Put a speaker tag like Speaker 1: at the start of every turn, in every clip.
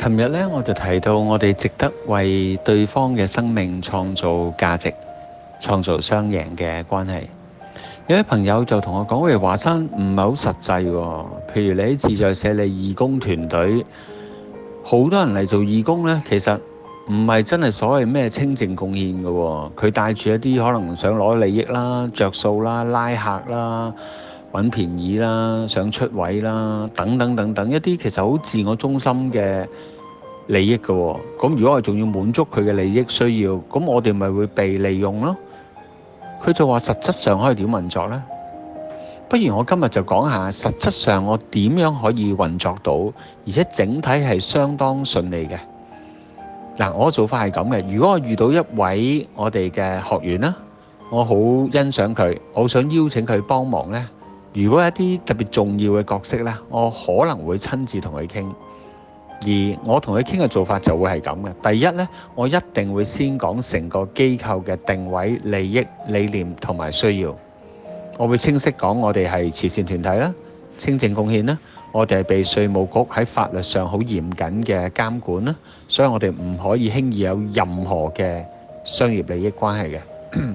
Speaker 1: 琴日咧，我就提到我哋值得為對方嘅生命創造價值、創造雙贏嘅關係。有啲朋友就同我講：喂，哋華山唔係好實際。譬如你喺自在社，你義工團隊好多人嚟做義工呢，其實唔係真係所謂咩清淨貢獻噶。佢帶住一啲可能想攞利益啦、着數啦、拉客啦。揾便宜啦，想出位啦，等等等等一啲，其實好自我中心嘅利益嘅。咁如果我仲要滿足佢嘅利益需要，咁我哋咪會被利用咯。佢就話實質上可以點運作咧？不如我今日就講下實質上我點樣可以運作到，而且整體係相當順利嘅。嗱，我做法係咁嘅。如果我遇到一位我哋嘅學員啦，我好欣賞佢，我好想邀請佢幫忙咧，如果有一啲特別重要嘅角色呢，我可能會親自同佢傾，而我同佢傾嘅做法就會係咁嘅。第一呢，我一定會先講成個機構嘅定位、利益、理念同埋需要。我會清晰講我哋係慈善團體啦，清正貢獻啦，我哋係被稅務局喺法律上好嚴謹嘅監管啦，所以我哋唔可以輕易有任何嘅商業利益關係嘅。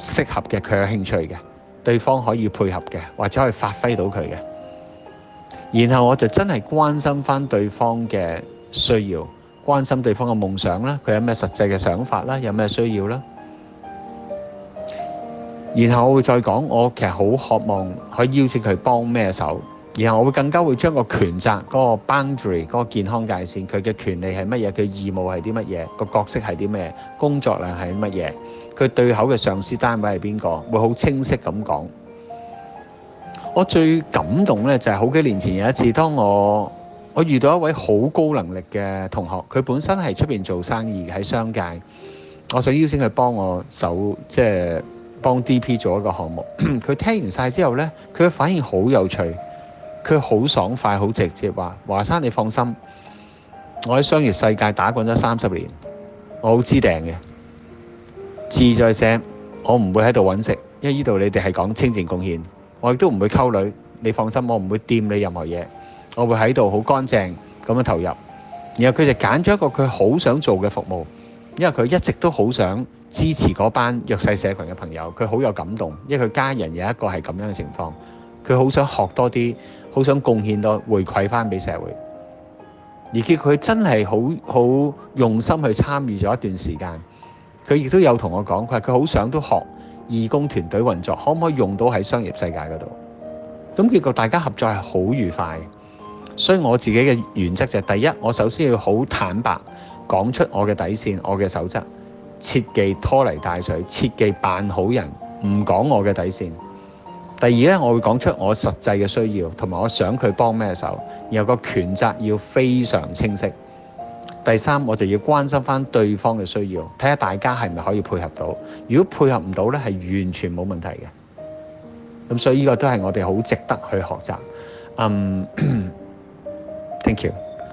Speaker 1: 適合嘅佢有興趣嘅，對方可以配合嘅，或者可以發揮到佢嘅。然後我就真係關心翻對方嘅需要，關心對方嘅夢想啦，佢有咩實際嘅想法啦，有咩需要啦。然後我會再講，我其實好渴望可以邀請佢幫咩手。然後我會更加會將個權責嗰個 boundary 嗰個健康界線，佢嘅權利係乜嘢？佢義務係啲乜嘢？個角色係啲咩？工作量係乜嘢？佢對口嘅上司單位係邊個？會好清晰咁講。我最感動咧就係好幾年前有一次，當我我遇到一位好高能力嘅同學，佢本身係出邊做生意喺商界，我想邀請佢幫我手，即係幫 D.P 做一個項目。佢 聽完晒之後咧，佢嘅反應好有趣。佢好爽快，好直接話：華山，你放心，我喺商業世界打滾咗三十年，我好知定嘅。自在社，我唔會喺度揾食，因為呢度你哋係講清淨貢獻。我亦都唔會溝女，你放心，我唔會掂你任何嘢。我會喺度好乾淨咁樣投入。然後佢就揀咗一個佢好想做嘅服務，因為佢一直都好想支持嗰班弱勢社群嘅朋友。佢好有感動，因為佢家人有一個係咁樣嘅情況。佢好想學多啲，好想貢獻到回饋翻俾社會，而結果，佢真係好好用心去參與咗一段時間。佢亦都有同我講，佢話佢好想都學義工團隊運作，可唔可以用到喺商業世界嗰度？咁結果大家合作係好愉快。所以我自己嘅原則就係第一，我首先要好坦白講出我嘅底線、我嘅守則，切忌拖泥帶水，切忌扮好人，唔講我嘅底線。第二咧，我會講出我實際嘅需要，同埋我想佢幫咩手，然後個權責要非常清晰。第三，我就要關心翻對方嘅需要，睇下大家係咪可以配合到。如果配合唔到呢，係完全冇問題嘅。咁所以呢個都係我哋好值得去學習。嗯、um, ，thank you。